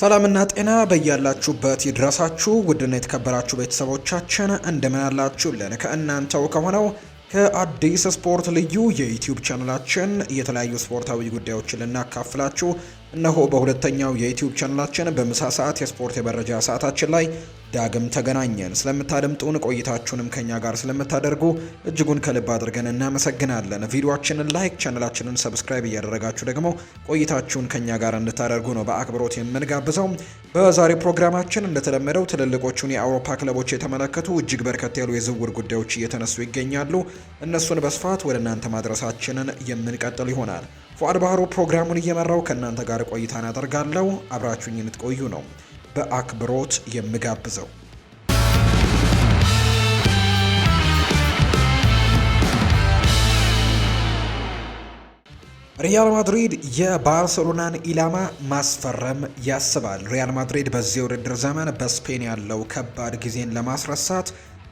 ሰላምና ጤና በያላችሁበት ይድረሳችሁ ውድና የተከበራችሁ ቤተሰቦቻችን እንደምን አላችሁልን? ከእናንተው ከሆነው ከአዲስ ስፖርት ልዩ የዩቲዩብ ቻናላችን የተለያዩ ስፖርታዊ ጉዳዮችን ልናካፍላችሁ እነሆ በሁለተኛው የዩቲዩብ ቻናላችን በምሳ ሰዓት የስፖርት የመረጃ ሰዓታችን ላይ ዳግም ተገናኘን። ስለምታደምጡን ቆይታችሁንም ከኛ ጋር ስለምታደርጉ እጅጉን ከልብ አድርገን እናመሰግናለን። ቪዲዮችንን ላይክ፣ ቻነላችንን ሰብስክራይብ እያደረጋችሁ ደግሞ ቆይታችሁን ከኛ ጋር እንድታደርጉ ነው በአክብሮት የምንጋብዘው። በዛሬው ፕሮግራማችን እንደተለመደው ትልልቆቹን የአውሮፓ ክለቦች የተመለከቱ እጅግ በርከት ያሉ የዝውውር ጉዳዮች እየተነሱ ይገኛሉ። እነሱን በስፋት ወደ እናንተ ማድረሳችንን የምንቀጥል ይሆናል። ፏድ ባህሩ ፕሮግራሙን እየመራው ከእናንተ ጋር ቆይታን አደርጋለሁ። አብራችሁኝ ልትቆዩ ነው። በአክብሮት የምጋብዘው። ሪያል ማድሪድ የባርሰሎናን ኢላማ ማስፈረም ያስባል። ሪያል ማድሪድ በዚህ ውድድር ዘመን በስፔን ያለው ከባድ ጊዜን ለማስረሳት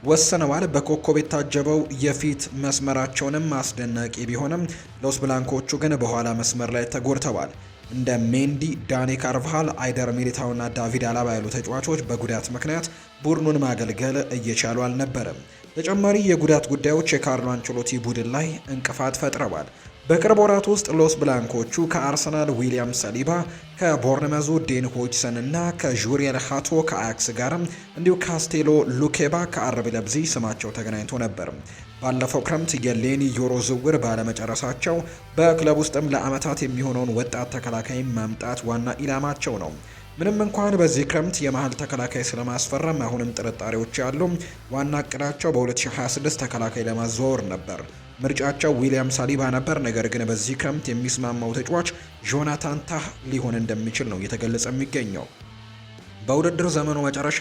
ወስነዋል። በኮከብ የታጀበው የፊት መስመራቸውንም አስደናቂ ቢሆንም ሎስ ብላንኮቹ ግን በኋላ መስመር ላይ ተጎድተዋል። እንደ ሜንዲ፣ ዳኒ ካርቫሃል፣ አይደር ና ዳቪድ አላባ ያሉ ተጫዋቾች በጉዳት ምክንያት ቡድኑን ማገልገል እየቻሉ አልነበረም። ተጨማሪ የጉዳት ጉዳዮች የካርሎ አንቸሎቲ ቡድን ላይ እንቅፋት ፈጥረዋል። በቅርብ ወራት ውስጥ ሎስ ብላንኮቹ ከአርሰናል ዊሊያም ሰሊባ፣ ከቦርነመዙ ዴን ሆጅሰን እና ከዡሪየል ሃቶ ከአያክስ ጋርም እንዲሁ ካስቴሎ ሉኬባ ከአረብ ለብዚ ስማቸው ተገናኝቶ ነበር። ባለፈው ክረምት የሌኒ ዮሮ ዝውውር ባለመጨረሳቸው በክለብ ውስጥም ለአመታት የሚሆነውን ወጣት ተከላካይ ማምጣት ዋና ኢላማቸው ነው። ምንም እንኳን በዚህ ክረምት የመሀል ተከላካይ ስለማስፈረም አሁንም ጥርጣሬዎች ያሉ፣ ዋና እቅዳቸው በ2026 ተከላካይ ለማዘዋወር ነበር። ምርጫቸው ዊሊያም ሳሊባ ነበር። ነገር ግን በዚህ ክረምት የሚስማማው ተጫዋች ጆናታን ታህ ሊሆን እንደሚችል ነው እየተገለጸ የሚገኘው። በውድድር ዘመኑ መጨረሻ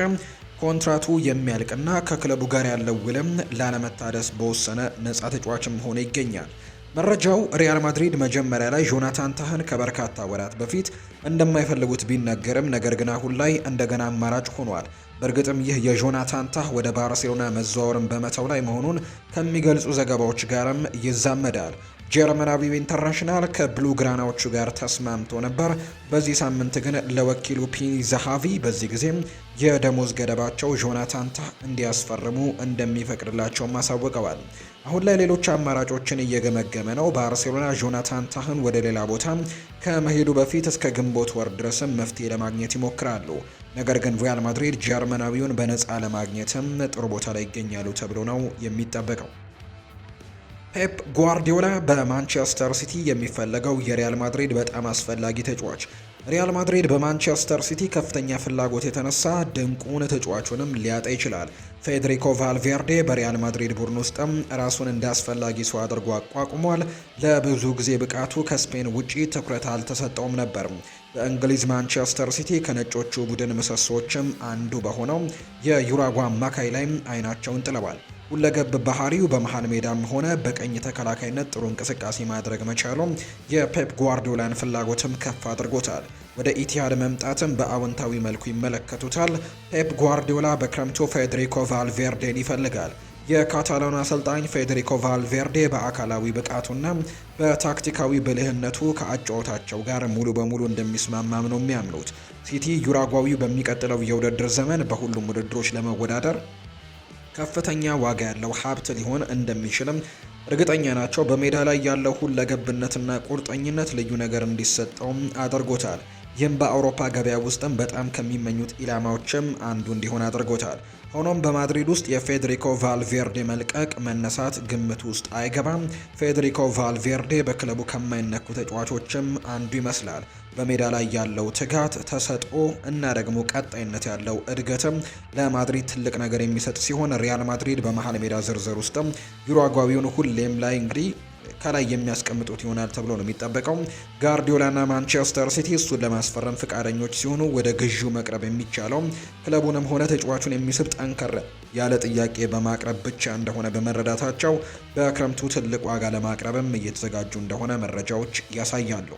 ኮንትራቱ የሚያልቅና ከክለቡ ጋር ያለው ውልም ላለመታደስ በወሰነ ነጻ ተጫዋችም ሆኖ ይገኛል። መረጃው ሪያል ማድሪድ መጀመሪያ ላይ ጆናታን ታህን ከበርካታ ወራት በፊት እንደማይፈልጉት ቢነገርም ነገር ግን አሁን ላይ እንደገና አማራጭ ሆኗል። በእርግጥም ይህ የጆናታን ታህ ወደ ባርሴሎና መዘዋወርን በመተው ላይ መሆኑን ከሚገልጹ ዘገባዎች ጋርም ይዛመዳል። ጀርመናዊው ኢንተርናሽናል ከብሉ ግራናዎቹ ጋር ተስማምቶ ነበር። በዚህ ሳምንት ግን ለወኪሉ ፒኒ ዛሃቪ በዚህ ጊዜ የደሞዝ ገደባቸው ጆናታን ታህ እንዲያስፈርሙ እንደሚፈቅድላቸውም አሳውቀዋል። አሁን ላይ ሌሎች አማራጮችን እየገመገመ ነው። ባርሴሎና ጆናታን ታህን ወደ ሌላ ቦታ ከመሄዱ በፊት እስከ ግንቦት ወር ድረስም መፍትሄ ለማግኘት ይሞክራሉ። ነገር ግን ሪያል ማድሪድ ጀርመናዊውን በነፃ ለማግኘትም ጥሩ ቦታ ላይ ይገኛሉ ተብሎ ነው የሚጠበቀው። ፔፕ ጓርዲዮላ በማንቸስተር ሲቲ የሚፈለገው የሪያል ማድሪድ በጣም አስፈላጊ ተጫዋች፣ ሪያል ማድሪድ በማንቸስተር ሲቲ ከፍተኛ ፍላጎት የተነሳ ድንቁን ተጫዋቹንም ሊያጣ ይችላል። ፌዴሪኮ ቫልቬርዴ በሪያል ማድሪድ ቡድን ውስጥም ራሱን እንደ አስፈላጊ ሰው አድርጎ አቋቁሟል። ለብዙ ጊዜ ብቃቱ ከስፔን ውጪ ትኩረት አልተሰጠውም ነበር። በእንግሊዝ ማንቸስተር ሲቲ ከነጮቹ ቡድን ምሰሶዎችም አንዱ በሆነው የዩራጓ አማካይ ላይም አይናቸውን ጥለዋል። ሁለገብ ባህሪው በመሀል ሜዳም ሆነ በቀኝ ተከላካይነት ጥሩ እንቅስቃሴ ማድረግ መቻሉም የፔፕ ጓርዲዮላን ፍላጎትም ከፍ አድርጎታል። ወደ ኢቲሃድ መምጣትም በአዎንታዊ መልኩ ይመለከቱታል። ፔፕ ጓርዲዮላ በክረምቱ ፌዴሪኮ ቫልቬርዴን ይፈልጋል። የካታላኑ አሰልጣኝ ፌዴሪኮ ቫልቬርዴ በአካላዊ ብቃቱና በታክቲካዊ ብልህነቱ ከአጫወታቸው ጋር ሙሉ በሙሉ እንደሚስማማም ነው የሚያምኑት። ሲቲ ዩራጓዊው በሚቀጥለው የውድድር ዘመን በሁሉም ውድድሮች ለመወዳደር ከፍተኛ ዋጋ ያለው ሀብት ሊሆን እንደሚችልም እርግጠኛ ናቸው። በሜዳ ላይ ያለው ሁለገብነትና ቁርጠኝነት ልዩ ነገር እንዲሰጠውም አድርጎታል። ይህም በአውሮፓ ገበያ ውስጥም በጣም ከሚመኙት ኢላማዎችም አንዱ እንዲሆን አድርጎታል። ሆኖም በማድሪድ ውስጥ የፌዴሪኮ ቫልቬርዴ መልቀቅ መነሳት ግምት ውስጥ አይገባም። ፌዴሪኮ ቫልቬርዴ በክለቡ ከማይነኩ ተጫዋቾችም አንዱ ይመስላል። በሜዳ ላይ ያለው ትጋት፣ ተሰጥኦ እና ደግሞ ቀጣይነት ያለው እድገትም ለማድሪድ ትልቅ ነገር የሚሰጥ ሲሆን ሪያል ማድሪድ በመሀል ሜዳ ዝርዝር ውስጥም ዩራጓዊውን ሁሌም ላይ እንግዲህ ከላይ የሚያስቀምጡት ይሆናል ተብሎ ነው የሚጠበቀው። ጋርዲዮላና ማንቸስተር ሲቲ እሱን ለማስፈረም ፍቃደኞች ሲሆኑ ወደ ግዢው መቅረብ የሚቻለው ክለቡንም ሆነ ተጫዋቹን የሚስብ ጠንከር ያለ ጥያቄ በማቅረብ ብቻ እንደሆነ በመረዳታቸው በክረምቱ ትልቅ ዋጋ ለማቅረብም እየተዘጋጁ እንደሆነ መረጃዎች ያሳያሉ።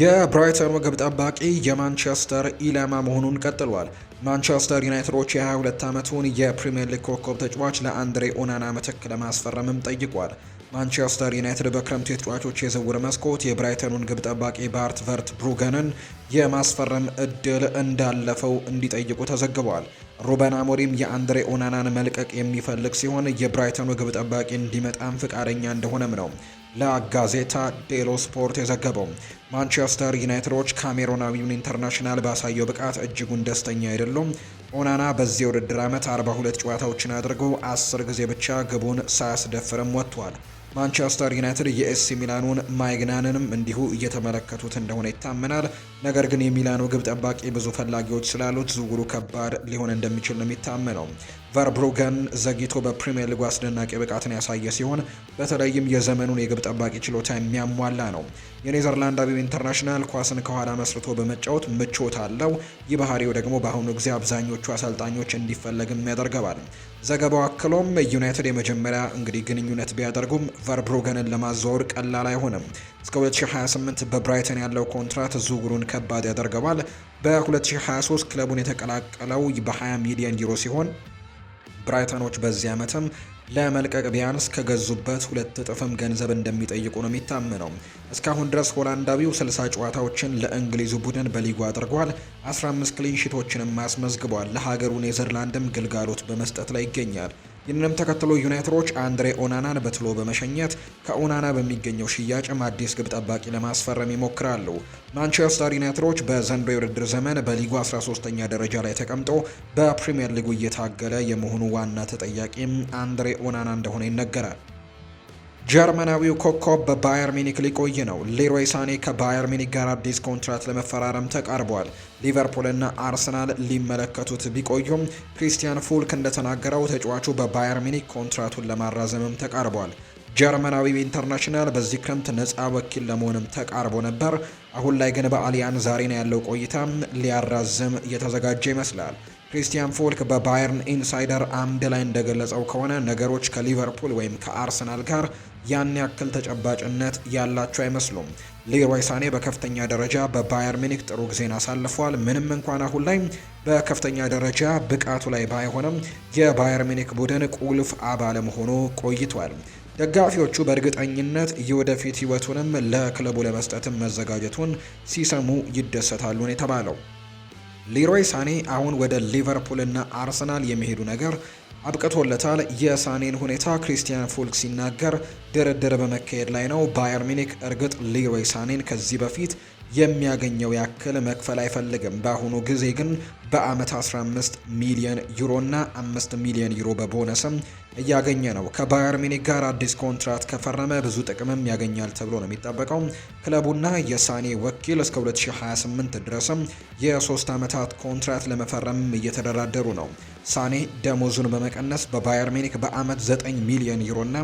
የብራይተኑ ግብ ጠባቂ የማንቸስተር ኢላማ መሆኑን ቀጥሏል። ማንቸስተር ዩናይትዶች የ22 ዓመቱን የፕሪምየር ሊግ ኮከብ ተጫዋች ለአንድሬ ኦናና ምትክ ለማስፈረምም ጠይቋል። ማንቸስተር ዩናይትድ በክረምቱ የተጫዋቾች የዝውውር መስኮት የብራይተኑን ግብ ጠባቂ ባርት ቨርት ብሩገንን የማስፈረም እድል እንዳለፈው እንዲጠይቁ ተዘግበዋል። ሩበን አሞሪም የአንድሬ ኦናናን መልቀቅ የሚፈልግ ሲሆን የብራይተኑ ግብ ጠባቂ እንዲመጣም ፍቃደኛ እንደሆነም ነው ለጋዜታ ዴሎ ስፖርት የዘገበው። ማንቸስተር ዩናይትዶች ካሜሮናዊውን ኢንተርናሽናል ባሳየው ብቃት እጅጉን ደስተኛ አይደሉም። ኦናና በዚህ የውድድር ዓመት 42 ጨዋታዎችን አድርጎ 10 ጊዜ ብቻ ግቡን ሳያስደፍርም ወጥቷል። ማንቸስተር ዩናይትድ የኤሲ ሚላኑን ማይግናንንም እንዲሁ እየተመለከቱት እንደሆነ ይታመናል። ነገር ግን የሚላኑ ግብ ጠባቂ ብዙ ፈላጊዎች ስላሉት ዝውውሩ ከባድ ሊሆን እንደሚችል ነው የሚታመነው። ቨርብሩገን ዘግይቶ በፕሪምየር ሊጉ አስደናቂ ብቃትን ያሳየ ሲሆን በተለይም የዘመኑን የግብ ጠባቂ ችሎታ የሚያሟላ ነው። አቢብ ኢንተርናሽናል ኳስን ከኋላ መስርቶ በመጫወት ምቾት አለው። ይህ ባህሪው ደግሞ በአሁኑ ጊዜ አብዛኞቹ አሰልጣኞች እንዲፈለግም ያደርገዋል። ዘገባው አክሎም ዩናይትድ የመጀመሪያ እንግዲህ ግንኙነት ቢያደርጉም ቨርብሩገንን ለማዘዋወር ቀላል አይሆንም። እስከ 2028 በብራይተን ያለው ኮንትራት ዝውውሩን ከባድ ያደርገዋል። በ2023 ክለቡን የተቀላቀለው በ20 ሚሊዮን ዩሮ ሲሆን ብራይተኖች በዚህ ዓመትም ለመልቀቅ ቢያንስ ከገዙበት ሁለት እጥፍም ገንዘብ እንደሚጠይቁ ነው የሚታመነው። እስካሁን ድረስ ሆላንዳዊው 60 ጨዋታዎችን ለእንግሊዙ ቡድን በሊጉ አድርጓል። 15 ክሊንሺቶችንም አስመዝግቧል። ለሀገሩ ኔዘርላንድም ግልጋሎት በመስጠት ላይ ይገኛል። ይህንንም ተከትሎ ዩናይትዶች አንድሬ ኦናናን በትሎ በመሸኘት ከኦናና በሚገኘው ሽያጭም አዲስ ግብ ጠባቂ ለማስፈረም ይሞክራሉ። ማንቸስተር ዩናይትዶች በዘንዶ የውድድር ዘመን በሊጉ 13ኛ ደረጃ ላይ ተቀምጦ በፕሪምየር ሊጉ እየታገለ የመሆኑ ዋና ተጠያቂም አንድሬ ኦናና እንደሆነ ይነገራል። ጀርመናዊው ኮከብ በባየር ሚኒክ ሊቆይ ነው። ሌሮይ ሳኔ ከባየር ሚኒክ ጋር አዲስ ኮንትራት ለመፈራረም ተቃርቧል። ሊቨርፑልና አርሰናል ሊመለከቱት ቢቆዩም ክሪስቲያን ፉልክ እንደተናገረው ተጫዋቹ በባየር ሚኒክ ኮንትራቱን ለማራዘምም ተቃርቧል። ጀርመናዊው ኢንተርናሽናል በዚህ ክረምት ነፃ ወኪል ለመሆንም ተቃርቦ ነበር። አሁን ላይ ግን በአሊያን ዛሬና ያለው ቆይታ ሊያራዝም እየተዘጋጀ ይመስላል። ክሪስቲያን ፎልክ በባየርን ኢንሳይደር አምድ ላይ እንደገለጸው ከሆነ ነገሮች ከሊቨርፑል ወይም ከአርሰናል ጋር ያን ያክል ተጨባጭነት ያላቸው አይመስሉም። ሌሮይ ሳኔ በከፍተኛ ደረጃ በባየር ሚኒክ ጥሩ ጊዜን አሳልፏል። ምንም እንኳን አሁን ላይ በከፍተኛ ደረጃ ብቃቱ ላይ ባይሆንም የባየር ሚኒክ ቡድን ቁልፍ አባለ ሆኖ ቆይቷል። ደጋፊዎቹ በእርግጠኝነት የወደፊት ሕይወቱንም ለክለቡ ለመስጠትም መዘጋጀቱን ሲሰሙ ይደሰታሉን የተባለው። ሊሮይ ሳኔ አሁን ወደ ሊቨርፑል እና አርሰናል የሚሄዱ ነገር አብቅቶለታል። የሳኔን ሁኔታ ክሪስቲያን ፉልክ ሲናገር ድርድር በመካሄድ ላይ ነው። ባየር ሚኒክ እርግጥ ሊሮይ ሳኔን ከዚህ በፊት የሚያገኘው ያክል መክፈል አይፈልግም። በአሁኑ ጊዜ ግን በአመት 15 ሚሊዮን ዩሮና 5 ሚሊዮን ዩሮ በቦነስም እያገኘ ነው። ከባየር ሚኒክ ጋር አዲስ ኮንትራት ከፈረመ ብዙ ጥቅምም ያገኛል ተብሎ ነው የሚጠበቀው። ክለቡና የሳኔ ወኪል እስከ 2028 ድረስም የሶስት ዓመታት ኮንትራት ለመፈረም እየተደራደሩ ነው። ሳኔ ደሞዙን በመቀነስ በባየር ሚኒክ በአመት 9 ሚሊዮን ዩሮና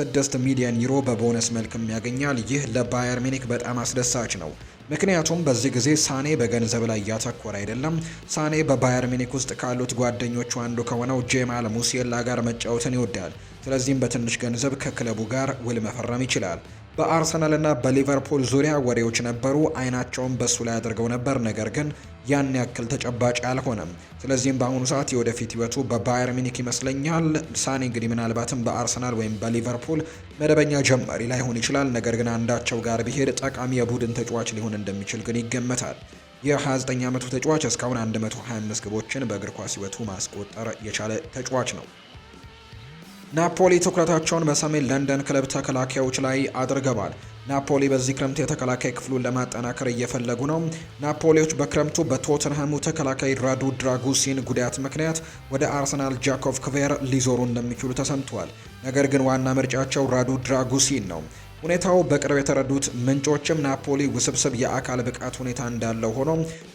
6 ሚሊዮን ዩሮ በቦነስ መልክም ያገኛል። ይህ ለባየር ሚኒክ በጣም አስደሳች ነው። ምክንያቱም በዚህ ጊዜ ሳኔ በገንዘብ ላይ እያተኮረ አይደለም። ሳኔ በባየር ሚኒክ ውስጥ ካሉት ጓደኞቹ አንዱ ከሆነው ጄማል ሙሴላ ጋር መጫወትን ይወዳል። ስለዚህም በትንሽ ገንዘብ ከክለቡ ጋር ውል መፈረም ይችላል። በአርሰናልና በሊቨርፑል ዙሪያ ወሬዎች ነበሩ፣ አይናቸውን በሱ ላይ አድርገው ነበር። ነገር ግን ያን ያክል ተጨባጭ አልሆነም። ስለዚህም በአሁኑ ሰዓት የወደፊት ህይወቱ በባየር ሚኒክ ይመስለኛል። ሳኔ እንግዲህ ምናልባትም በአርሰናል ወይም በሊቨርፑል መደበኛ ጀማሪ ላይሆን ይችላል። ነገር ግን አንዳቸው ጋር ቢሄድ ጠቃሚ የቡድን ተጫዋች ሊሆን እንደሚችል ግን ይገመታል። የ29 ዓመቱ ተጫዋች እስካሁን 125 ግቦችን በእግር ኳስ ህይወቱ ማስቆጠር የቻለ ተጫዋች ነው። ናፖሊ ትኩረታቸውን በሰሜን ለንደን ክለብ ተከላካዮች ላይ አድርገዋል። ናፖሊ በዚህ ክረምት የተከላካይ ክፍሉን ለማጠናከር እየፈለጉ ነው። ናፖሊዎች በክረምቱ በቶተንሃሙ ተከላካይ ራዱ ድራጉሲን ጉዳት ምክንያት ወደ አርሰናል ጃኮቭ ክቬር ሊዞሩ እንደሚችሉ ተሰምቷል። ነገር ግን ዋና ምርጫቸው ራዱ ድራጉሲን ነው። ሁኔታው በቅርብ የተረዱት ምንጮችም ናፖሊ ውስብስብ የአካል ብቃት ሁኔታ እንዳለው ሆኖ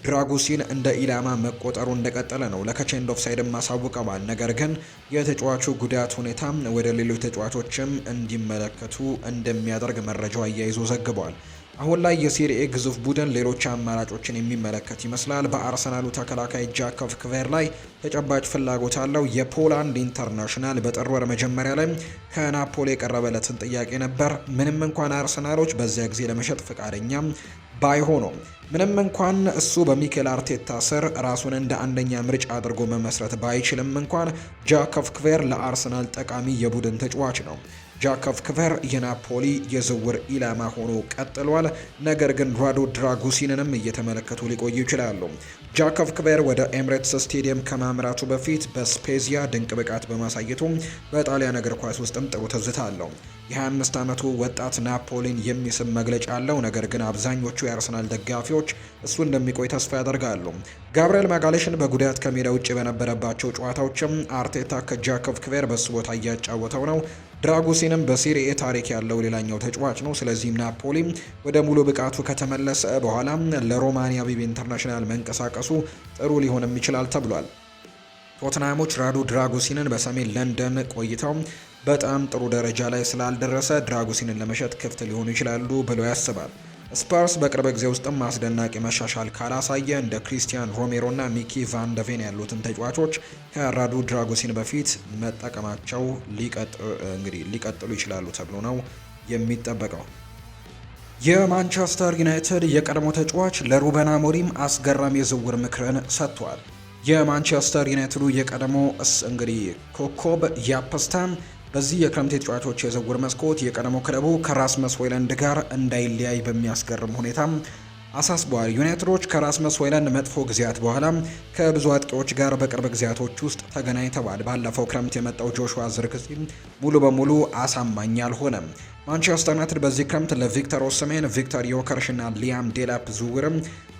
ድራጉሲን እንደ ኢላማ መቆጠሩ እንደቀጠለ ነው። ለከቼንድ ኦፍሳይድም አሳውቀዋል። ነገር ግን የተጫዋቹ ጉዳት ሁኔታ ወደ ሌሎች ተጫዋቾችም እንዲመለከቱ እንደሚያደርግ መረጃው አያይዞ ዘግቧል። አሁን ላይ የሴሪኤ ግዙፍ ቡድን ሌሎች አማራጮችን የሚመለከት ይመስላል። በአርሰናሉ ተከላካይ ጃኮቭ ክቬር ላይ ተጨባጭ ፍላጎት አለው። የፖላንድ ኢንተርናሽናል በጥር ወር መጀመሪያ ላይ ከናፖሊ የቀረበለትን ጥያቄ ነበር። ምንም እንኳን አርሰናሎች በዚያ ጊዜ ለመሸጥ ፈቃደኛም ባይሆኑም ምንም እንኳን እሱ በሚኬል አርቴታ ስር ራሱን እንደ አንደኛ ምርጫ አድርጎ መመስረት ባይችልም እንኳን ጃኮቭ ክቬር ለአርሰናል ጠቃሚ የቡድን ተጫዋች ነው። ጃኮቭ ክቨር የናፖሊ የዝውውር ኢላማ ሆኖ ቀጥሏል። ነገር ግን ራዶ ድራጉሲንንም እየተመለከቱ ሊቆዩ ይችላሉ። ጃኮቭ ክቨር ወደ ኤምሬትስ ስቴዲየም ከማምራቱ በፊት በስፔዚያ ድንቅ ብቃት በማሳየቱ በጣሊያን እግር ኳስ ውስጥም ጥሩ ትዝታ አለው። የ25 ዓመቱ ወጣት ናፖሊን የሚስብ መግለጫ አለው። ነገር ግን አብዛኞቹ የአርሰናል ደጋፊዎች እሱ እንደሚቆይ ተስፋ ያደርጋሉ። ጋብርኤል ማጋሌሽን በጉዳት ከሜዳ ውጭ በነበረባቸው ጨዋታዎችም አርቴታ ከጃኮቭ ክቬር በሱ ቦታ እያጫወተው ነው። ድራጉሲንም በሴሪኤ ታሪክ ያለው ሌላኛው ተጫዋች ነው። ስለዚህም ናፖሊ ወደ ሙሉ ብቃቱ ከተመለሰ በኋላ ለሮማኒያ ቪቪ ኢንተርናሽናል መንቀሳቀሱ ጥሩ ሊሆንም ይችላል ተብሏል። ቶትናሞች ራዱ ድራጉሲንን በሰሜን ለንደን ቆይተው በጣም ጥሩ ደረጃ ላይ ስላልደረሰ ድራጉሲንን ለመሸጥ ክፍት ሊሆኑ ይችላሉ ብሎ ያስባል። ስፐርስ በቅርብ ጊዜ ውስጥም አስደናቂ መሻሻል ካላሳየ እንደ ክሪስቲያን ሮሜሮና ሚኪ ቫን ደቬን ያሉትን ተጫዋቾች ከራዱ ድራጉሲን በፊት መጠቀማቸው እንግዲህ ሊቀጥሉ ይችላሉ ተብሎ ነው የሚጠበቀው። የማንቸስተር ዩናይትድ የቀድሞ ተጫዋች ለሩበን አሞሪም አስገራሚ የዝውውር ምክርን ሰጥቷል። የማንቸስተር ዩናይትዱ የቀድሞ እንግዲህ ኮከብ ያፕስታም በዚህ የክረምት የተጫዋቾች የዝውውር መስኮት የቀድሞ ክለቡ ከራስመስ ሆይለንድ ጋር እንዳይለያይ በሚያስገርም ሁኔታ አሳስበዋል። ዩናይትዶች ከራስመስ ሆይለንድ መጥፎ ጊዜያት በኋላ ከብዙ አጥቂዎች ጋር በቅርብ ጊዜያቶች ውስጥ ተገናኝተዋል። ባለፈው ክረምት የመጣው ጆሹዋ ዝርክሲ ሙሉ በሙሉ አሳማኝ አልሆነም። ማንቸስተር ዩናይትድ በዚህ ክረምት ለቪክተር ኦስሜን፣ ቪክተር ዮከርሽና ሊያም ዴላፕ ዝውውርም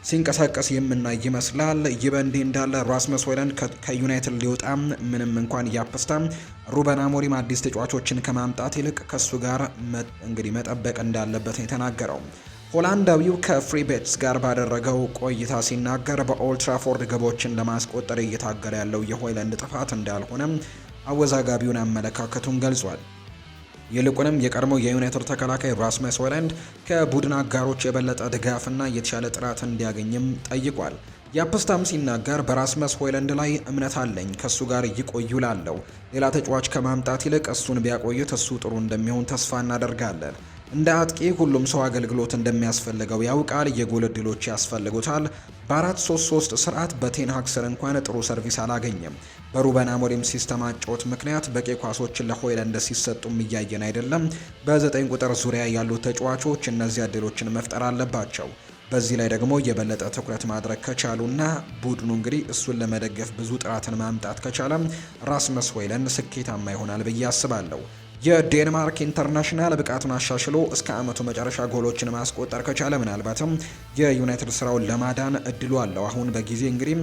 ሲንቀሳቀስ የምናይ ይመስላል። ይህ በእንዲህ እንዳለ ራስመስ ሆይሉንድ ከዩናይትድ ሊወጣ ምንም እንኳን ያፕስታ ሩበን አሞሪም አዲስ ተጫዋቾችን ከማምጣት ይልቅ ከእሱ ጋር እንግዲህ መጠበቅ እንዳለበት ነው የተናገረው። ሆላንዳዊው ከፍሪ ቤትስ ጋር ባደረገው ቆይታ ሲናገር በኦልትራፎርድ ግቦችን ለማስቆጠር እየታገለ ያለው የሆይለንድ ጥፋት እንዳልሆነ አወዛጋቢውን አመለካከቱን ገልጿል። ይልቁንም የቀድሞው የዩናይትድ ተከላካይ ራስመስ ሆይሉንድ ከቡድን አጋሮች የበለጠ ድጋፍና የተሻለ ጥራት እንዲያገኝም ጠይቋል። ያፕስታም ሲናገር በራስመስ ሆይላንድ ላይ እምነት አለኝ፣ ከእሱ ጋር ይቆዩ ላለው ሌላ ተጫዋች ከማምጣት ይልቅ እሱን ቢያቆዩት እሱ ጥሩ እንደሚሆን ተስፋ እናደርጋለን። እንደ አጥቂ ሁሉም ሰው አገልግሎት እንደሚያስፈልገው ያውቃል። የጎል እድሎች ያስፈልጉታል። በአራት ሶስት ሶስት ስርዓት በቴንሃክ ስር እንኳን ጥሩ ሰርቪስ አላገኘም። በሩበን አሞሪም ሲስተም አጫወት ምክንያት በቂ ኳሶችን ለሆይላንድ ሲሰጡም እያየን አይደለም። በዘጠኝ ቁጥር ዙሪያ ያሉት ተጫዋቾች እነዚያ እድሎችን መፍጠር አለባቸው። በዚህ ላይ ደግሞ የበለጠ ትኩረት ማድረግ ከቻሉና ቡድኑ እንግዲህ እሱን ለመደገፍ ብዙ ጥራትን ማምጣት ከቻለም ራስመስ ሆይላንድ ስኬታማ ይሆናል ብዬ አስባለሁ። የዴንማርክ ኢንተርናሽናል ብቃቱን አሻሽሎ እስከ አመቱ መጨረሻ ጎሎችን ማስቆጠር ከቻለ ምናልባትም የዩናይትድ ስራውን ለማዳን እድሉ አለው። አሁን በጊዜ እንግዲህ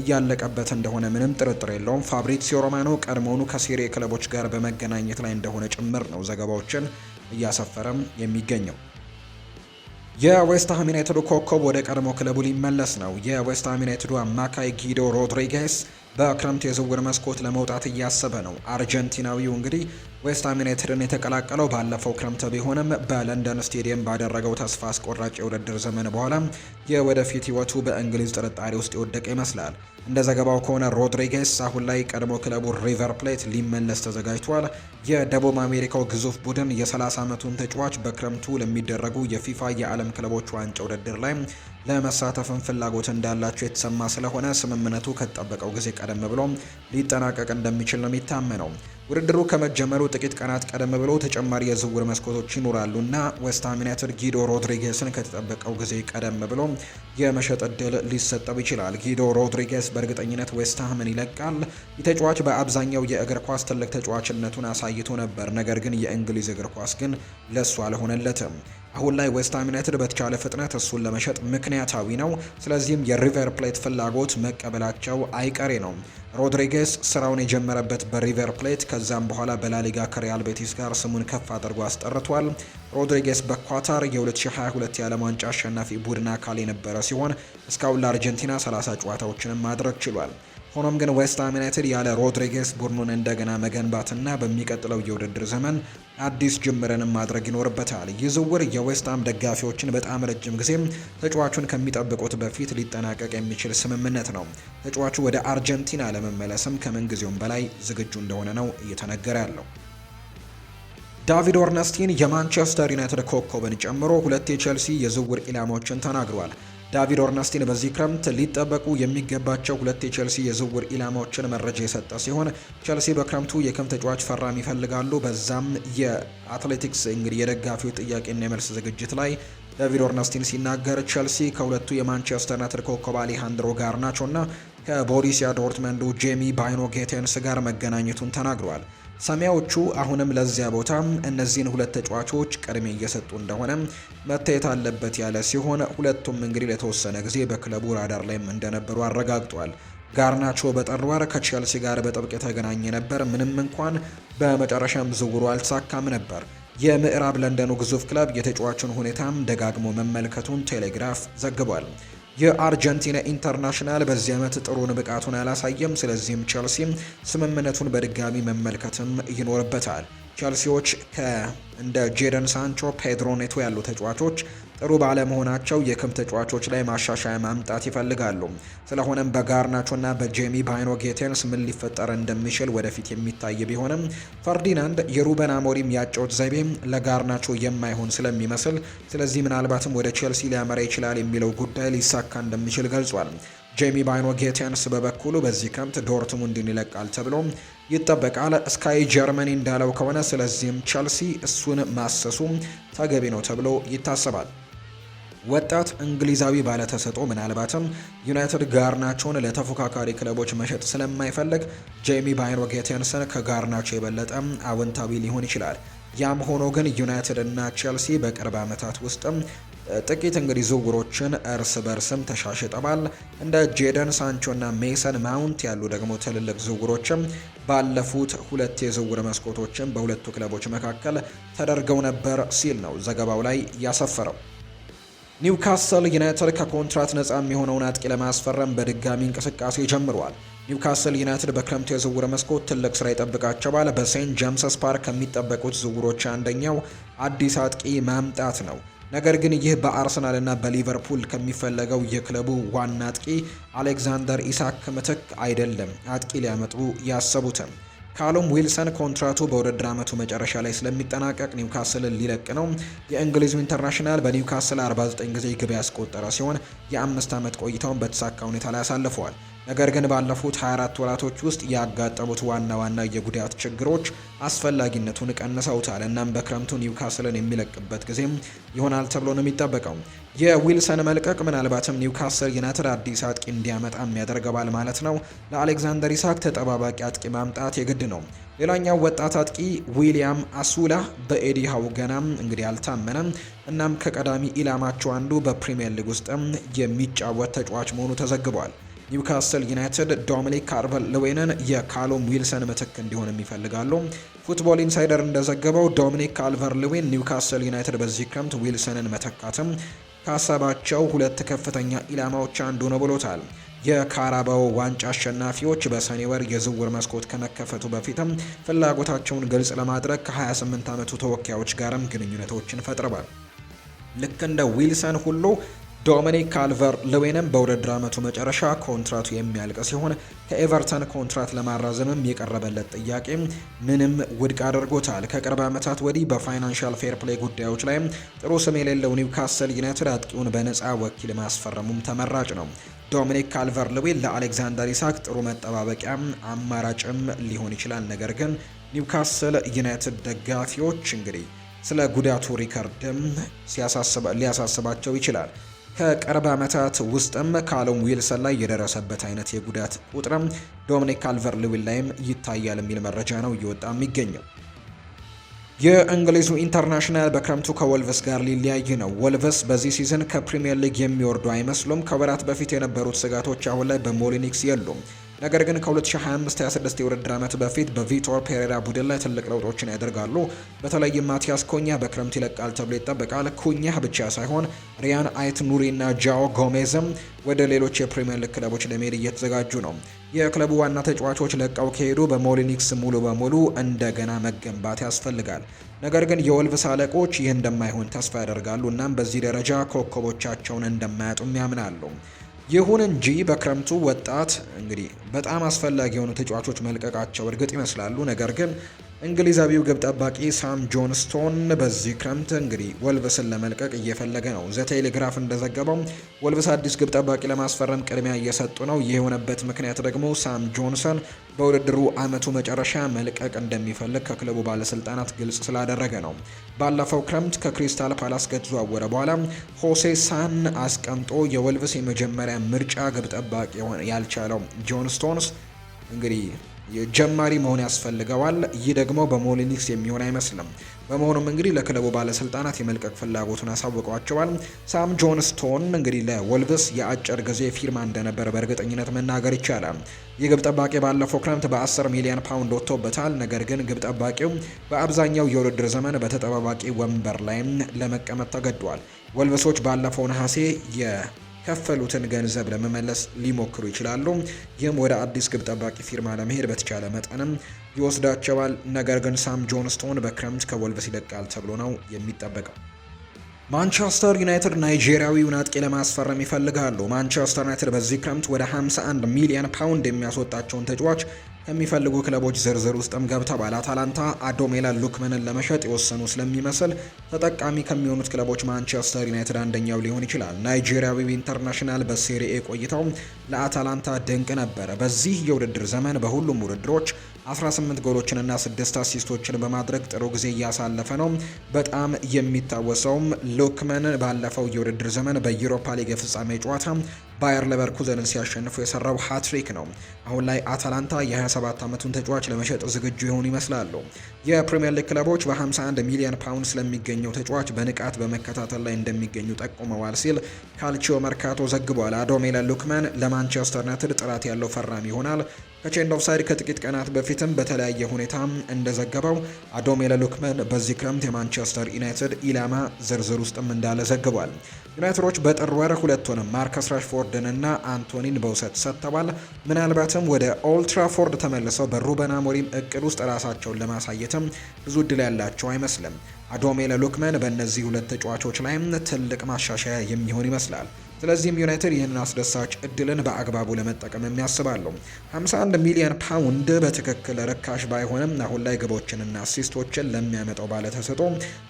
እያለቀበት እንደሆነ ምንም ጥርጥር የለውም። ፋብሪዚዮ ሮማኖ ቀድሞውኑ ከሴሪ ክለቦች ጋር በመገናኘት ላይ እንደሆነ ጭምር ነው ዘገባዎችን እያሰፈረም የሚገኘው። የዌስትሃም ዩናይትዱ ኮከብ ወደ ቀድሞ ክለቡ ሊመለስ ነው። የዌስትሃም ዩናይትዱ አማካይ ጊዶ ሮድሪጌስ በክረምት የዝውውር መስኮት ለመውጣት እያሰበ ነው። አርጀንቲናዊው እንግዲህ ዌስትሃም ዩናይትድን የተቀላቀለው ባለፈው ክረምት ቢሆንም በለንደን ስቴዲየም ባደረገው ተስፋ አስቆራጭ የውድድር ዘመን በኋላ የወደፊት ህይወቱ በእንግሊዝ ጥርጣሬ ውስጥ የወደቀ ይመስላል። እንደ ዘገባው ከሆነ ሮድሪጌስ አሁን ላይ ቀድሞ ክለቡ ሪቨር ፕሌት ሊመለስ ተዘጋጅቷል። የደቡብ አሜሪካው ግዙፍ ቡድን የ30 ዓመቱን ተጫዋች በክረምቱ ለሚደረጉ የፊፋ የዓለም ክለቦች ዋንጫ ውድድር ላይ ለመሳተፍን ፍላጎት እንዳላቸው የተሰማ ስለሆነ ስምምነቱ ከተጠበቀው ጊዜ ቀደም ብሎ ሊጠናቀቅ እንደሚችል ነው የሚታመነው። ውድድሩ ከመጀመሩ ጥቂት ቀናት ቀደም ብሎ ተጨማሪ የዝውውር መስኮቶች ይኖራሉና ዌስትሃም ዩናይትድ ጊዶ ሮድሪጌስን ከተጠበቀው ጊዜ ቀደም ብሎ የመሸጥ እድል ሊሰጠው ይችላል። ጊዶ ሮድሪጌስ በእርግጠኝነት ዌስትሃምን ይለቃል። ተጫዋች በአብዛኛው የእግር ኳስ ትልቅ ተጫዋችነቱን አሳይቶ ነበር። ነገር ግን የእንግሊዝ እግር ኳስ ግን ለሱ አልሆነለትም። አሁን ላይ ዌስትሃም ዩናይትድ በተቻለ ፍጥነት እሱን ለመሸጥ ምክንያታዊ ነው። ስለዚህም የሪቨር ፕሌት ፍላጎት መቀበላቸው አይቀሬ ነው። ሮድሪጌስ ስራውን የጀመረበት በሪቨር ፕሌት ከዛም በኋላ በላሊጋ ከሪያል ቤቲስ ጋር ስሙን ከፍ አድርጎ አስጠርቷል። ሮድሪጌስ በኳታር የ2022 የዓለም ዋንጫ አሸናፊ ቡድን አካል የነበረ ሲሆን እስካሁን ለአርጀንቲና 30 ጨዋታዎችንም ማድረግ ችሏል። ሆኖም ግን ዌስትሃም ዩናይትድ ያለ ሮድሪጌስ ቡድኑን እንደገና መገንባትና በሚቀጥለው የውድድር ዘመን አዲስ ጅምርንም ማድረግ ይኖርበታል። ይህ ዝውውር የዌስትሃም ደጋፊዎችን በጣም ረጅም ጊዜ ተጫዋቹን ከሚጠብቁት በፊት ሊጠናቀቅ የሚችል ስምምነት ነው። ተጫዋቹ ወደ አርጀንቲና ለመመለስም ከምንጊዜውም በላይ ዝግጁ እንደሆነ ነው እየተነገረ ያለው። ዳቪድ ኦርነስቲን የማንቸስተር ዩናይትድ ኮከብን ጨምሮ ሁለት የቼልሲ የዝውውር ኢላማዎችን ተናግሯል። ዳቪድ ኦርነስቲን በዚህ ክረምት ሊጠበቁ የሚገባቸው ሁለት የቼልሲ የዝውውር ኢላማዎችን መረጃ የሰጠ ሲሆን ቼልሲ በክረምቱ የክም ተጫዋች ፈራም ይፈልጋሉ። በዛም የአትሌቲክስ እንግዲህ የደጋፊው ጥያቄና የመልስ ዝግጅት ላይ ዳቪድ ኦርነስቲን ሲናገር ቼልሲ ከሁለቱ የማንቸስተር ዩናይትድ ኮከብ አሌሃንድሮ ጋርናቾና ከቦሪሲያ ዶርትመንዱ ጄሚ ባይኖ ጌቴንስ ጋር መገናኘቱን ተናግሯል። ሰማያዎቹ አሁንም ለዚያ ቦታ እነዚህን ሁለት ተጫዋቾች ቅድሜ እየሰጡ እንደሆነ መታየት አለበት ያለ ሲሆን ሁለቱም እንግዲህ ለተወሰነ ጊዜ በክለቡ ራዳር ላይም እንደነበሩ አረጋግጧል። ጋርናቾ በጠሯር ወር ከቼልሲ ጋር በጥብቅ የተገናኘ ነበር። ምንም እንኳን በመጨረሻም ዝውውሩ አልተሳካም ነበር። የምዕራብ ለንደኑ ግዙፍ ክለብ የተጫዋቹን ሁኔታም ደጋግሞ መመልከቱን ቴሌግራፍ ዘግቧል። የአርጀንቲና ኢንተርናሽናል በዚህ ዓመት ጥሩን ብቃቱን አላሳየም። ስለዚህም ቸልሲ ስምምነቱን በድጋሚ መመልከትም ይኖርበታል። ቸልሲዎች ከእንደ ጄደን ሳንቾ፣ ፔድሮ ኔቶ ያሉ ተጫዋቾች ጥሩ ባለመሆናቸው የክም ተጫዋቾች ላይ ማሻሻያ ማምጣት ይፈልጋሉ። ስለሆነም በጋርናቾና በጄሚ ባይኖ ጌቴንስ ምን ሊፈጠር እንደሚችል ወደፊት የሚታይ ቢሆንም ፈርዲናንድ የሩበን አሞሪም ያጨውት ዘይቤ ለጋርናቾ የማይሆን ስለሚመስል ስለዚህ ምናልባትም ወደ ቼልሲ ሊያመራ ይችላል የሚለው ጉዳይ ሊሳካ እንደሚችል ገልጿል። ጄሚ ባይኖ ጌቴንስ በበኩሉ በዚህ ክረምት ዶርትሙንድን ይለቃል ተብሎ ይጠበቃል። ስካይ ጀርመኒ እንዳለው ከሆነ ስለዚህም ቸልሲ እሱን ማሰሱ ተገቢ ነው ተብሎ ይታሰባል። ወጣት እንግሊዛዊ ባለተሰጦ ምናልባትም ዩናይትድ ጋርናቾን ለተፎካካሪ ክለቦች መሸጥ ስለማይፈልግ ጄሚ ባይሮ ጌቴንሰን ከጋርናቾ የበለጠ አወንታዊ ሊሆን ይችላል። ያም ሆኖ ግን ዩናይትድ እና ቼልሲ በቅርብ ዓመታት ውስጥም ጥቂት እንግዲህ ዝውውሮችን እርስ በርስም ተሻሽጠዋል። እንደ ጄደን ሳንቾ እና ሜሰን ማውንት ያሉ ደግሞ ትልልቅ ዝውውሮችም ባለፉት ሁለት የዝውውር መስኮቶችም በሁለቱ ክለቦች መካከል ተደርገው ነበር ሲል ነው ዘገባው ላይ ያሰፈረው። ኒውካስል ዩናይትድ ከኮንትራት ነጻ የሚሆነውን አጥቂ ለማስፈረም በድጋሚ እንቅስቃሴ ጀምሯል። ኒውካስል ዩናይትድ በክረምቱ የዝውውር መስኮት ትልቅ ስራ ይጠብቃቸዋል። በሴንት ጀምስስ ፓርክ ከሚጠበቁት ዝውሮች አንደኛው አዲስ አጥቂ ማምጣት ነው። ነገር ግን ይህ በአርሰናል በሊቨርፑል ከሚፈለገው የክለቡ ዋና አጥቂ አሌክዛንደር ኢሳክ ምትክ አይደለም አጥቂ ሊያመጡ ያሰቡትም ካሎም ዊልሰን ኮንትራቱ በውድድር ዓመቱ መጨረሻ ላይ ስለሚጠናቀቅ ኒውካስልን ሊለቅ ነው። የእንግሊዙ ኢንተርናሽናል በኒውካስል 49 ጊዜ ግብ ያስቆጠረ ሲሆን የአምስት ዓመት ቆይታውን በተሳካ ሁኔታ ላይ አሳልፈዋል። ነገር ግን ባለፉት 24 ወራቶች ውስጥ ያጋጠሙት ዋና ዋና የጉዳት ችግሮች አስፈላጊነቱን ቀንሰውታል። እናም በክረምቱ ኒውካስልን የሚለቅበት ጊዜም ይሆናል ተብሎ ነው የሚጠበቀው። የዊልሰን መልቀቅ ምናልባትም ኒውካስል ዩናይትድ አዲስ አጥቂ እንዲያመጣ የሚያደርገባል ማለት ነው። ለአሌክዛንደር ኢሳክ ተጠባባቂ አጥቂ ማምጣት የግድ ነው። ሌላኛው ወጣት አጥቂ ዊሊያም አሱላ በኤዲ ሃው ገናም እንግዲህ አልታመነም። እናም ከቀዳሚ ኢላማቸው አንዱ በፕሪምየር ሊግ ውስጥም የሚጫወት ተጫዋች መሆኑ ተዘግቧል። ኒውካስል ዩናይትድ ዶሚኒክ ካርቨል ልዌንን የካሎም ዊልሰን ምትክ እንዲሆንም ይፈልጋሉ። ፉትቦል ኢንሳይደር እንደዘገበው ዶሚኒክ ካልቨር ልዌን ኒውካስል ዩናይትድ በዚህ ክረምት ዊልሰንን መተካትም ካሰባቸው ሁለት ከፍተኛ ኢላማዎች አንዱ ነው ብሎታል። የካራባው ዋንጫ አሸናፊዎች በሰኔ ወር የዝውውር መስኮት ከመከፈቱ በፊትም ፍላጎታቸውን ግልጽ ለማድረግ ከ28 ዓመቱ ተወካዮች ጋርም ግንኙነቶችን ፈጥረዋል። ልክ እንደ ዊልሰን ሁሉ ዶሚኒክ ካልቨር ልዌንም በውድድር ዓመቱ መጨረሻ ኮንትራቱ የሚያልቅ ሲሆን ከኤቨርተን ኮንትራት ለማራዘምም የቀረበለት ጥያቄ ምንም ውድቅ አድርጎታል። ከቅርብ ዓመታት ወዲህ በፋይናንሻል ፌር ፕሌይ ጉዳዮች ላይ ጥሩ ስም የሌለው ኒውካስል ዩናይትድ አጥቂውን በነፃ ወኪል ማስፈረሙም ተመራጭ ነው። ዶሚኒክ ካልቨር ልዌን ለአሌክዛንደር ኢሳክ ጥሩ መጠባበቂያ አማራጭም ሊሆን ይችላል። ነገር ግን ኒውካስል ዩናይትድ ደጋፊዎች እንግዲህ ስለ ጉዳቱ ሪከርድም ሊያሳስባቸው ይችላል። ከቅርብ ዓመታት ውስጥም ካሎም ዊልሰን ላይ የደረሰበት አይነት የጉዳት ቁጥርም ዶሚኒክ ካልቨር ልዊል ላይም ይታያል የሚል መረጃ ነው እየወጣ የሚገኘው። የእንግሊዙ ኢንተርናሽናል በክረምቱ ከወልቭስ ጋር ሊለያይ ነው። ወልቭስ በዚህ ሲዝን ከፕሪምየር ሊግ የሚወርዱ አይመስሉም። ከወራት በፊት የነበሩት ስጋቶች አሁን ላይ በሞሊኒክስ የሉም። ነገር ግን ከ2025/26 የውድድር ዓመት በፊት በቪቶር ፔሬራ ቡድን ላይ ትልቅ ለውጦችን ያደርጋሉ። በተለይም ማቲያስ ኩኛ በክረምት ይለቃል ተብሎ ይጠበቃል። ኩኛ ብቻ ሳይሆን ሪያን አይት ኑሪ እና ጃኦ ጎሜዝም ወደ ሌሎች የፕሪምየር ሊግ ክለቦች ለመሄድ እየተዘጋጁ ነው። የክለቡ ዋና ተጫዋቾች ለቀው ከሄዱ በሞሊኒክስ ሙሉ በሙሉ እንደገና መገንባት ያስፈልጋል። ነገር ግን የወልቭስ አለቆች ይህ እንደማይሆን ተስፋ ያደርጋሉ። እናም በዚህ ደረጃ ኮከቦቻቸውን እንደማያጡም ያምናሉ። ይሁን እንጂ በክረምቱ ወጣት እንግዲህ በጣም አስፈላጊ የሆኑ ተጫዋቾች መልቀቃቸው እርግጥ ይመስላሉ። ነገር ግን እንግሊዛዊው ግብ ጠባቂ ሳም ጆንስቶን በዚህ ክረምት እንግዲህ ወልቭስን ለመልቀቅ እየፈለገ ነው። ዘ ቴሌግራፍ እንደዘገበው ወልቭስ አዲስ ግብ ጠባቂ ለማስፈረም ቅድሚያ እየሰጡ ነው። ይህ የሆነበት ምክንያት ደግሞ ሳም ጆንሰን በውድድሩ ዓመቱ መጨረሻ መልቀቅ እንደሚፈልግ ከክለቡ ባለስልጣናት ግልጽ ስላደረገ ነው። ባለፈው ክረምት ከክሪስታል ፓላስ ከተዘዋወረ በኋላ ሆሴ ሳን አስቀምጦ የወልቭስ የመጀመሪያ ምርጫ ግብ ጠባቂ ያልቻለው ጆንስቶንስ እንግዲህ ጀማሪ መሆን ያስፈልገዋል። ይህ ደግሞ በሞሊኒክስ የሚሆን አይመስልም። በመሆኑም እንግዲህ ለክለቡ ባለስልጣናት የመልቀቅ ፍላጎቱን አሳውቀዋቸዋል። ሳም ጆንስቶን እንግዲህ ለወልቭስ የአጭር ጊዜ ፊርማ እንደነበር በእርግጠኝነት መናገር ይቻላል። ግብ ጠባቂ ባለፈው ክረምት በ10 ሚሊዮን ፓውንድ ወጥቶበታል። ነገር ግን ግብ ጠባቂው በአብዛኛው የውድድር ዘመን በተጠባባቂ ወንበር ላይም ለመቀመጥ ተገዷል። ወልቭሶች ባለፈው ነሐሴ የከፈሉትን ገንዘብ ለመመለስ ሊሞክሩ ይችላሉ። ይህም ወደ አዲስ ግብ ጠባቂ ፊርማ ለመሄድ በተቻለ መጠንም ይወስዳቸዋል። ነገር ግን ሳም ጆንስቶን በክረምት ከወልቭስ ይለቃል ተብሎ ነው የሚጠበቀው። ማንቸስተር ዩናይትድ ናይጄሪያዊውን አጥቂ ለማስፈረም ይፈልጋሉ። ማንቸስተር ዩናይትድ በዚህ ክረምት ወደ 51 ሚሊዮን ፓውንድ የሚያስወጣቸውን ተጫዋች ከሚፈልጉ ክለቦች ዝርዝር ውስጥም ገብተዋል። አታላንታ አዶሜላ ሉክመንን ለመሸጥ የወሰኑ ስለሚመስል ተጠቃሚ ከሚሆኑት ክለቦች ማንቸስተር ዩናይትድ አንደኛው ሊሆን ይችላል። ናይጄሪያዊው ኢንተርናሽናል በሴሪኤ ቆይታው ለአታላንታ ድንቅ ነበረ። በዚህ የውድድር ዘመን በሁሉም ውድድሮች 18 ጎሎችንና 6 አሲስቶችን በማድረግ ጥሩ ጊዜ እያሳለፈ ነው። በጣም የሚታወሰውም ሉክመን ባለፈው የውድድር ዘመን በዩሮፓ ሊግ የፍጻሜ ጨዋታ ባየር ሌቨርኩዘንን ሲያሸንፉ የሰራው ሃትሪክ ነው። አሁን ላይ አታላንታ የ27 ዓመቱን ተጫዋች ለመሸጥ ዝግጁ የሆኑ ይመስላሉ። የፕሪምየር ሊግ ክለቦች በ51 ሚሊዮን ፓውንድ ስለሚገኘው ተጫዋች በንቃት በመከታተል ላይ እንደሚገኙ ጠቁመዋል ሲል ካልቺዮ መርካቶ ዘግቧል። አዶሜላ ሉክመን ለማንቸስተር ዩናይትድ ጥራት ያለው ፈራሚ ይሆናል። ከቼንድ ኦፍሳይድ ከጥቂት ቀናት በፊትም በተለያየ ሁኔታ እንደዘገበው አዶሜለ ሉክመን በዚህ ክረምት የማንቸስተር ዩናይትድ ኢላማ ዝርዝር ውስጥም እንዳለ ዘግቧል። ዩናይትዶች በጥር ወር ሁለቱንም ማርከስ ራሽፎርድንና አንቶኒን በውሰት ሰጥተዋል። ምናልባትም ወደ ኦልትራፎርድ ተመልሰው በሩበን አሞሪም እቅድ ውስጥ ራሳቸውን ለማሳየትም ብዙ እድል ያላቸው አይመስልም። አዶሜለ ሉክመን በእነዚህ ሁለት ተጫዋቾች ላይም ትልቅ ማሻሻያ የሚሆን ይመስላል። ስለዚህም ዩናይትድ ይህንን አስደሳች እድልን በአግባቡ ለመጠቀም የሚያስባሉ። 51 ሚሊዮን ፓውንድ በትክክል ርካሽ ባይሆንም አሁን ላይ ግቦችንና አሲስቶችን ለሚያመጣው ባለተሰጦ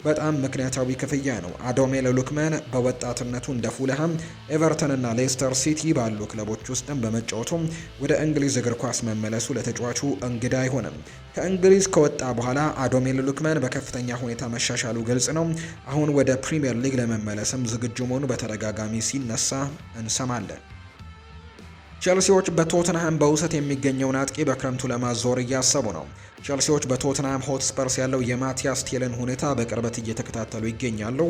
በጣም ምክንያታዊ ክፍያ ነው። አዶሜል ሉክመን በወጣትነቱ እንደ ፉልሃም፣ ኤቨርተንና ሌስተር ሲቲ ባሉ ክለቦች ውስጥም በመጫወቱ ወደ እንግሊዝ እግር ኳስ መመለሱ ለተጫዋቹ እንግዳ አይሆንም። ከእንግሊዝ ከወጣ በኋላ አዶሜል ሉክመን በከፍተኛ ሁኔታ መሻሻሉ ግልጽ ነው። አሁን ወደ ፕሪምየር ሊግ ለመመለስም ዝግጁ መሆኑ በተደጋጋሚ ሲነሳ ሲነሳ እንሰማለን። ቸልሲዎች በቶትንሃም በውሰት የሚገኘውን አጥቂ በክረምቱ ለማዞር እያሰቡ ነው። ቸልሲዎች በቶትንሃም ሆትስፐርስ ያለው የማቲያስ ቴልን ሁኔታ በቅርበት እየተከታተሉ ይገኛሉ።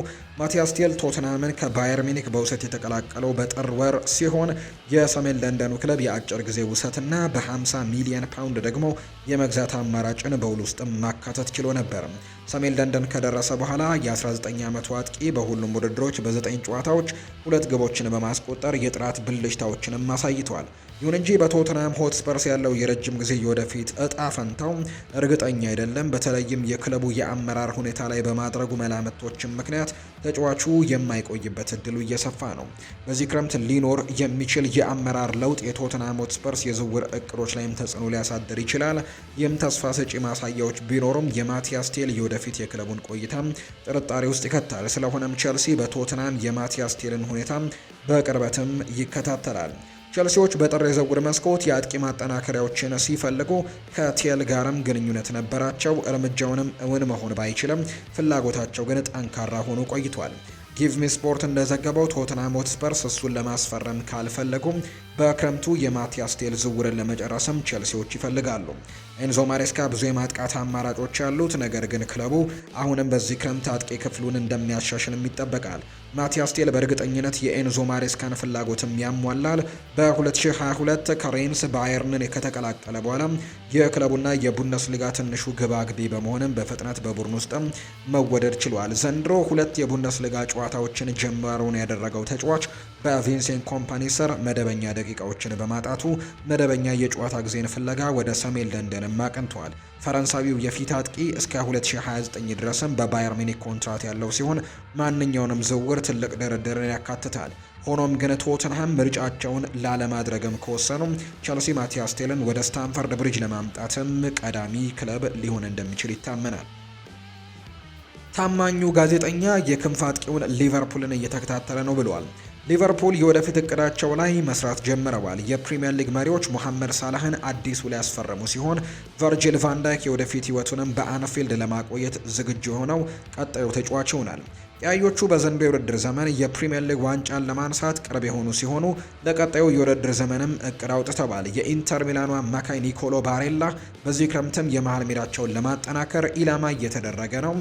ማቲያስ ቴል ቶትንሃምን ከባየር ሚኒክ በውሰት የተቀላቀለው በጥር ወር ሲሆን የሰሜን ለንደኑ ክለብ የአጭር ጊዜ ውሰትና በ50 ሚሊየን ፓውንድ ደግሞ የመግዛት አማራጭን በውል ውስጥም ማካተት ችሎ ነበር። ሰሜን ለንደን ከደረሰ በኋላ የ19 ዓመቱ አጥቂ በሁሉም ውድድሮች በ9 ጨዋታዎች ሁለት ግቦችን በማስቆጠር የጥራት ብልሽታዎችንም አሳይተዋል። ይሁን እንጂ በቶትናም ሆትስፐርስ ያለው የረጅም ጊዜ የወደፊት እጣ ፈንታው እርግጠኛ አይደለም። በተለይም የክለቡ የአመራር ሁኔታ ላይ በማድረጉ መላምቶችን ምክንያት ተጫዋቹ የማይቆይበት እድሉ እየሰፋ ነው። በዚህ ክረምት ሊኖር የሚችል የአመራር ለውጥ የቶትናም ሆትስፐርስ የዝውውር እቅዶች ላይም ተጽዕኖ ሊያሳድር ይችላል። ይህም ተስፋ ሰጪ ማሳያዎች ቢኖሩም የማቲያስ ቴል የወደፊት የክለቡን ቆይታ ጥርጣሬ ውስጥ ይከታል። ስለሆነም ቸልሲ በቶትናም የማቲያስ ቴልን ሁኔታ በቅርበትም ይከታተላል። ቸልሲዎች በጥር የዝውውር መስኮት የአጥቂ ማጠናከሪያዎችን ሲፈልጉ ከቴል ጋርም ግንኙነት ነበራቸው። እርምጃውንም እውን መሆን ባይችልም ፍላጎታቸው ግን ጠንካራ ሆኖ ቆይቷል። ጊቭ ሚ ስፖርት እንደዘገበው ቶትናም ሆትስፐርስ እሱን ለማስፈረም ካልፈለጉም በክረምቱ የማቲያስ ቴል ዝውውርን ለመጨረስም ቼልሲዎች ይፈልጋሉ። ኤንዞ ማሬስካ ብዙ የማጥቃት አማራጮች ያሉት፣ ነገር ግን ክለቡ አሁንም በዚህ ክረምት አጥቂ ክፍሉን እንደሚያሻሽንም ይጠበቃል። ማቲያስ ቴል በእርግጠኝነት የኤንዞ ማሬስካን ፍላጎትም ያሟላል። በ2022 ከሬንስ ባየርንን ከተቀላቀለ በኋላ የክለቡና የቡንደስሊጋ ትንሹ ግባግቢ በመሆንም በፍጥነት በቡድን ውስጥም መወደድ ችሏል። ዘንድሮ ሁለት የቡንደስሊጋ ጨዋታዎችን ጀመሩን ያደረገው ተጫዋች በቪንሴንት ኮምፓኒ ስር መደበኛ ደቂቃዎችን በማጣቱ መደበኛ የጨዋታ ጊዜን ፍለጋ ወደ ሰሜን ለንደንም አቅንተዋል። ፈረንሳዊው የፊት አጥቂ እስከ 2029 ድረስም በባየር ሚኒክ ኮንትራት ያለው ሲሆን ማንኛውንም ዝውውር ትልቅ ድርድርን ያካትታል። ሆኖም ግን ቶተንሃም ምርጫቸውን ላለማድረግም ከወሰኑ ቸልሲ ማቲያስ ቴልን ወደ ስታንፈርድ ብሪጅ ለማምጣትም ቀዳሚ ክለብ ሊሆን እንደሚችል ይታመናል። ታማኙ ጋዜጠኛ የክንፍ አጥቂውን ሊቨርፑልን እየተከታተለ ነው ብለዋል። ሊቨርፑል የወደፊት እቅዳቸው ላይ መስራት ጀምረዋል። የፕሪምየር ሊግ መሪዎች ሙሐመድ ሳላህን አዲሱ ውል ያስፈረሙ ሲሆን ቨርጂል ቫንዳይክ የወደፊት ህይወቱንም በአንፊልድ ለማቆየት ዝግጁ የሆነው ቀጣዩ ተጫዋች ይሆናል። ቀያዮቹ በዘንድሮው የውድድር ዘመን የፕሪምየር ሊግ ዋንጫን ለማንሳት ቅርብ የሆኑ ሲሆኑ ለቀጣዩ የውድድር ዘመንም እቅድ አውጥተዋል። የኢንተር ሚላኑ አማካይ ኒኮሎ ባሬላ በዚህ ክረምትም የመሃል ሜዳቸውን ለማጠናከር ኢላማ እየተደረገ ነው።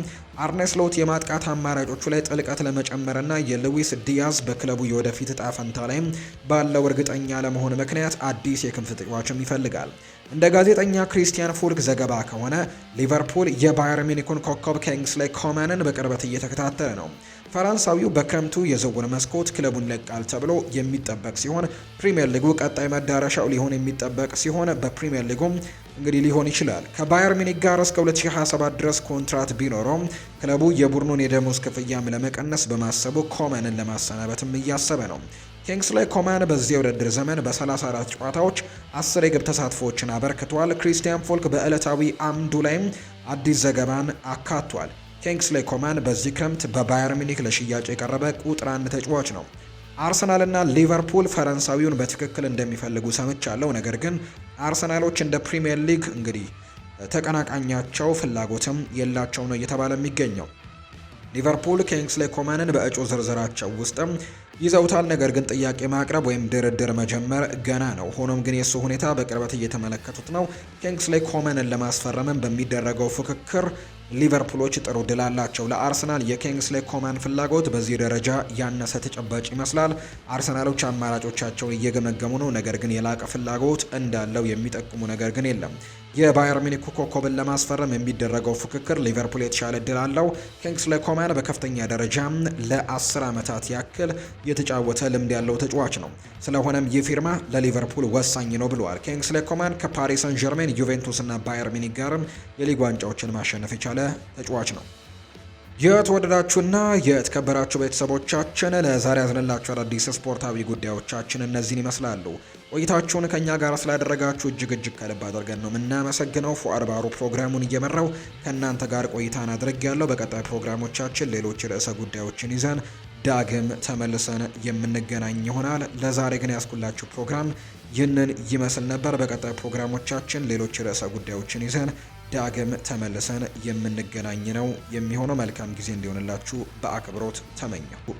አርኔስ ሎት የማጥቃት አማራጮቹ ላይ ጥልቀት ለመጨመርና የሉዊስ ዲያዝ በክለቡ የወደፊት እጣ ፈንታ ላይም ባለው እርግጠኛ ለመሆን ምክንያት አዲስ የክንፍ ተጫዋችም ይፈልጋል። እንደ ጋዜጠኛ ክሪስቲያን ፎልክ ዘገባ ከሆነ ሊቨርፑል የባየር ሚኒኩን ኮከብ ኪንግስሌይ ኮማንን በቅርበት እየተከታተለ ነው። ፈረንሳዊው በክረምቱ የዝውውር መስኮት ክለቡን ለቃል ተብሎ የሚጠበቅ ሲሆን ፕሪምየር ሊጉ ቀጣይ መዳረሻው ሊሆን የሚጠበቅ ሲሆን በፕሪምየር ሊጉም እንግዲህ ሊሆን ይችላል። ከባየር ሚኒክ ጋር እስከ 2027 ድረስ ኮንትራት ቢኖረውም ክለቡ የቡድኑን የደሞዝ ክፍያም ለመቀነስ በማሰቡ ኮመንን ለማሰናበትም እያሰበ ነው። ኪንግስላይ ኮማን በዚህ የውድድር ዘመን በ34 ጨዋታዎች 10 የግብ ተሳትፎዎችን አበርክቷል። ክሪስቲያን ፎልክ በዕለታዊ አምዱ ላይም አዲስ ዘገባን አካቷል። ላይ ኮማን በዚህ ክረምት በባየር ሚኒክ ለሽያጭ የቀረበ ቁጥር አንድ ተጫዋች ነው። አርሰናልና ሊቨርፑል ፈረንሳዊውን በትክክል እንደሚፈልጉ ሰምቻለሁ። ነገር ግን አርሰናሎች እንደ ፕሪምየር ሊግ እንግዲህ ተቀናቃኛቸው ፍላጎትም የላቸው ነው እየተባለ የሚገኘው ሊቨርፑል ኪንግስሌ ኮማንን በእጩ ዝርዝራቸው ውስጥም ይዘውታል። ነገር ግን ጥያቄ ማቅረብ ወይም ድርድር መጀመር ገና ነው። ሆኖም ግን የእሱ ሁኔታ በቅርበት እየተመለከቱት ነው። ኪንግስሌ ኮማንን ለማስፈረምም በሚደረገው ፉክክር ሊቨርፑሎች ጥሩ ድል አላቸው። ለአርሰናል የኪንግስሌ ኮማን ፍላጎት በዚህ ደረጃ ያነሰ ተጨባጭ ይመስላል። አርሰናሎች አማራጮቻቸውን እየገመገሙ ነው። ነገር ግን የላቀ ፍላጎት እንዳለው የሚጠቁሙ ነገር ግን የለም። የባየር ሚኒኩ ኮከብን ለማስፈረም የሚደረገው ፉክክር ሊቨርፑል የተሻለ እድል አለው። ኪንግስሌ ኮማን በከፍተኛ ደረጃ ለአስር ዓመታት ያክል የተጫወተ ልምድ ያለው ተጫዋች ነው። ስለሆነም ይህ ፊርማ ለሊቨርፑል ወሳኝ ነው ብለዋል። ኪንግስሌ ኮማን ከፓሪስ ሰን ጀርሜን፣ ዩቬንቱስ እና ባየር ሚኒክ ጋርም የሊግ ዋንጫዎችን ማሸነፍ የቻለ ተጫዋች ነው። የተወደዳችሁና የተከበራችሁ ቤተሰቦቻችን ለዛሬ ያዝንላችሁ አዳዲስ ስፖርታዊ ጉዳዮቻችን እነዚህን ይመስላሉ። ቆይታችሁን ከእኛ ጋር ስላደረጋችሁ እጅግ እጅግ ከልብ አድርገን ነው የምናመሰግነው። ፎአርባሩ ፕሮግራሙን እየመራው ከእናንተ ጋር ቆይታን አድርግ ያለው። በቀጣይ ፕሮግራሞቻችን ሌሎች ርዕሰ ጉዳዮችን ይዘን ዳግም ተመልሰን የምንገናኝ ይሆናል። ለዛሬ ግን ያስኩላችሁ ፕሮግራም ይህንን ይመስል ነበር። በቀጣይ ፕሮግራሞቻችን ሌሎች ርዕሰ ጉዳዮችን ይዘን ዳግም ተመልሰን የምንገናኝ ነው የሚሆነው። መልካም ጊዜ እንዲሆንላችሁ በአክብሮት ተመኘሁ።